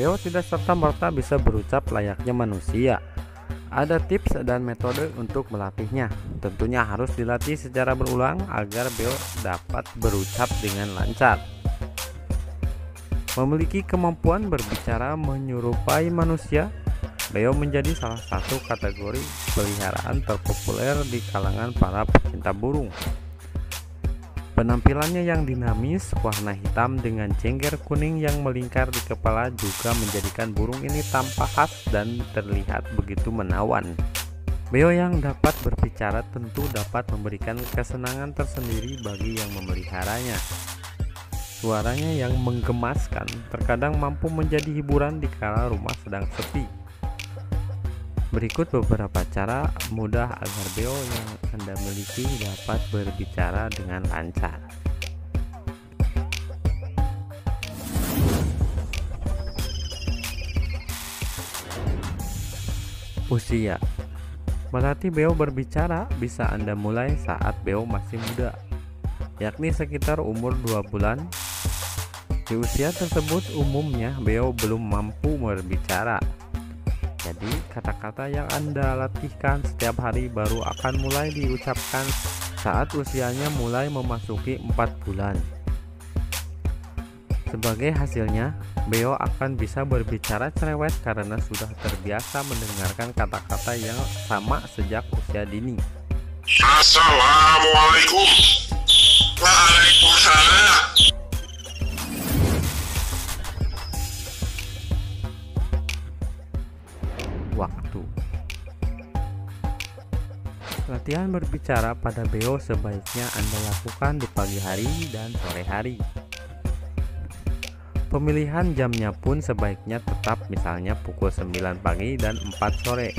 Beo tidak serta-merta bisa berucap layaknya manusia. Ada tips dan metode untuk melatihnya. Tentunya harus dilatih secara berulang agar Beo dapat berucap dengan lancar. Memiliki kemampuan berbicara menyerupai manusia, Beo menjadi salah satu kategori peliharaan terpopuler di kalangan para pecinta burung. Penampilannya yang dinamis, warna hitam dengan cengker kuning yang melingkar di kepala juga menjadikan burung ini tampak khas dan terlihat begitu menawan. Beo yang dapat berbicara tentu dapat memberikan kesenangan tersendiri bagi yang memeliharanya. Suaranya yang menggemaskan terkadang mampu menjadi hiburan di kala rumah sedang sepi. Berikut beberapa cara mudah agar beo yang Anda miliki dapat berbicara dengan lancar. Usia Melatih beo berbicara bisa Anda mulai saat beo masih muda, yakni sekitar umur 2 bulan. Di usia tersebut umumnya beo belum mampu berbicara, jadi, kata-kata yang Anda latihkan setiap hari baru akan mulai diucapkan saat usianya mulai memasuki 4 bulan. Sebagai hasilnya, Beo akan bisa berbicara cerewet karena sudah terbiasa mendengarkan kata-kata yang sama sejak usia dini. Assalamualaikum. Waalaikumsalam. Latihan berbicara pada BO sebaiknya Anda lakukan di pagi hari dan sore hari. Pemilihan jamnya pun sebaiknya tetap misalnya pukul 9 pagi dan 4 sore.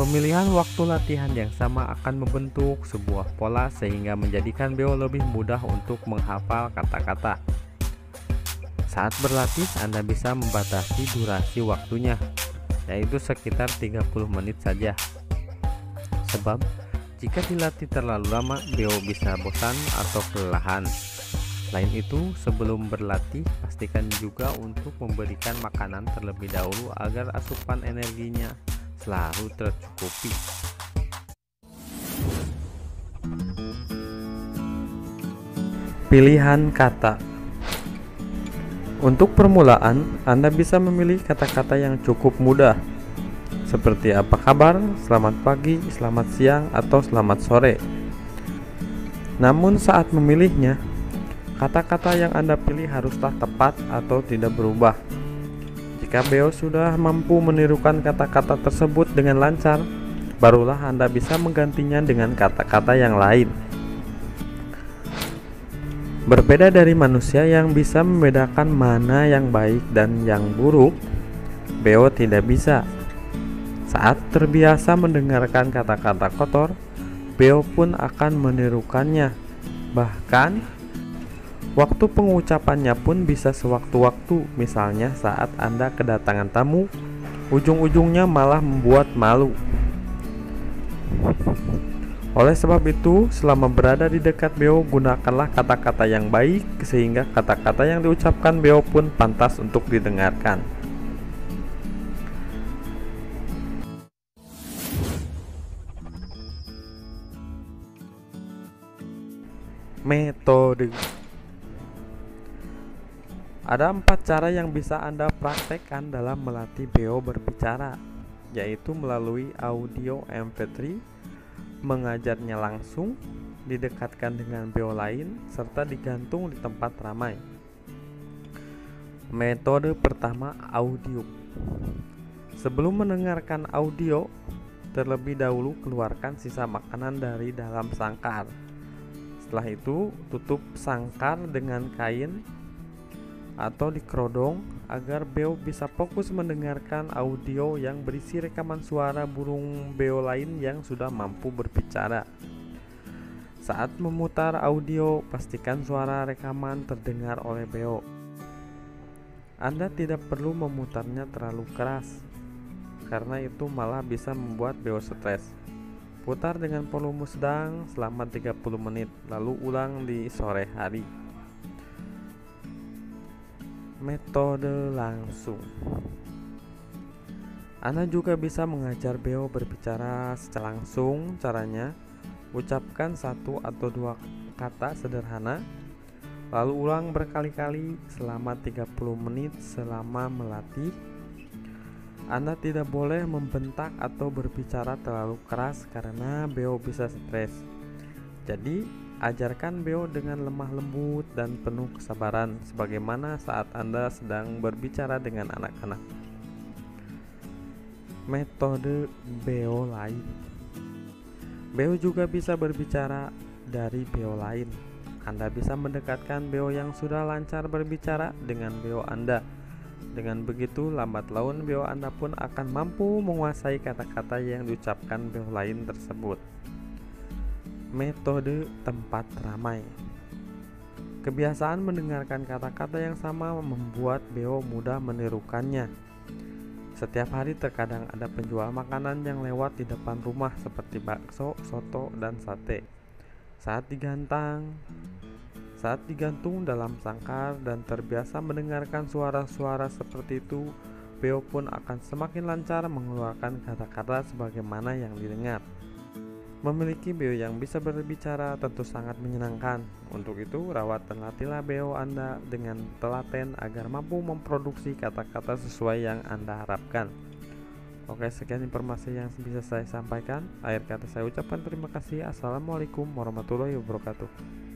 Pemilihan waktu latihan yang sama akan membentuk sebuah pola sehingga menjadikan BO lebih mudah untuk menghafal kata-kata. Saat berlatih, Anda bisa membatasi durasi waktunya, yaitu sekitar 30 menit saja. Sebab jika dilatih terlalu lama, Beo bisa bosan atau kelelahan. lain itu, sebelum berlatih, pastikan juga untuk memberikan makanan terlebih dahulu agar asupan energinya selalu tercukupi. Pilihan kata Untuk permulaan, Anda bisa memilih kata-kata yang cukup mudah seperti apa kabar, selamat pagi, selamat siang, atau selamat sore. Namun, saat memilihnya, kata-kata yang Anda pilih haruslah tepat atau tidak berubah. Jika Beo sudah mampu menirukan kata-kata tersebut dengan lancar, barulah Anda bisa menggantinya dengan kata-kata yang lain. Berbeda dari manusia yang bisa membedakan mana yang baik dan yang buruk, Beo tidak bisa. Saat terbiasa mendengarkan kata-kata kotor, Beo pun akan menirukannya. Bahkan, waktu pengucapannya pun bisa sewaktu-waktu, misalnya saat Anda kedatangan tamu, ujung-ujungnya malah membuat malu. Oleh sebab itu, selama berada di dekat Beo, gunakanlah kata-kata yang baik sehingga kata-kata yang diucapkan Beo pun pantas untuk didengarkan. metode. Ada empat cara yang bisa Anda praktekkan dalam melatih BO berbicara, yaitu melalui audio MP3, mengajarnya langsung, didekatkan dengan BO lain, serta digantung di tempat ramai. Metode pertama audio. Sebelum mendengarkan audio, terlebih dahulu keluarkan sisa makanan dari dalam sangkar setelah itu, tutup sangkar dengan kain atau dikerodong agar beo bisa fokus mendengarkan audio yang berisi rekaman suara burung beo lain yang sudah mampu berbicara. Saat memutar audio, pastikan suara rekaman terdengar oleh beo. Anda tidak perlu memutarnya terlalu keras, karena itu malah bisa membuat beo stres. Putar dengan volume sedang selama 30 menit, lalu ulang di sore hari. Metode langsung. Anda juga bisa mengajar Beo berbicara secara langsung. Caranya, ucapkan satu atau dua kata sederhana, lalu ulang berkali-kali selama 30 menit selama melatih anda tidak boleh membentak atau berbicara terlalu keras karena Beo bisa stres. Jadi, ajarkan Beo dengan lemah lembut dan penuh kesabaran sebagaimana saat Anda sedang berbicara dengan anak-anak. Metode Beo lain. Beo juga bisa berbicara dari Beo lain. Anda bisa mendekatkan Beo yang sudah lancar berbicara dengan Beo Anda dengan begitu, lambat laun beo Anda pun akan mampu menguasai kata-kata yang diucapkan beo lain tersebut. Metode tempat ramai Kebiasaan mendengarkan kata-kata yang sama membuat beo mudah menirukannya. Setiap hari terkadang ada penjual makanan yang lewat di depan rumah seperti bakso, soto, dan sate. Saat digantang, saat digantung dalam sangkar dan terbiasa mendengarkan suara-suara seperti itu, Beo pun akan semakin lancar mengeluarkan kata-kata sebagaimana yang didengar. Memiliki Beo yang bisa berbicara tentu sangat menyenangkan. Untuk itu, rawat dan latihlah Beo Anda dengan telaten agar mampu memproduksi kata-kata sesuai yang Anda harapkan. Oke, sekian informasi yang bisa saya sampaikan. Akhir kata saya ucapkan terima kasih. Assalamualaikum warahmatullahi wabarakatuh.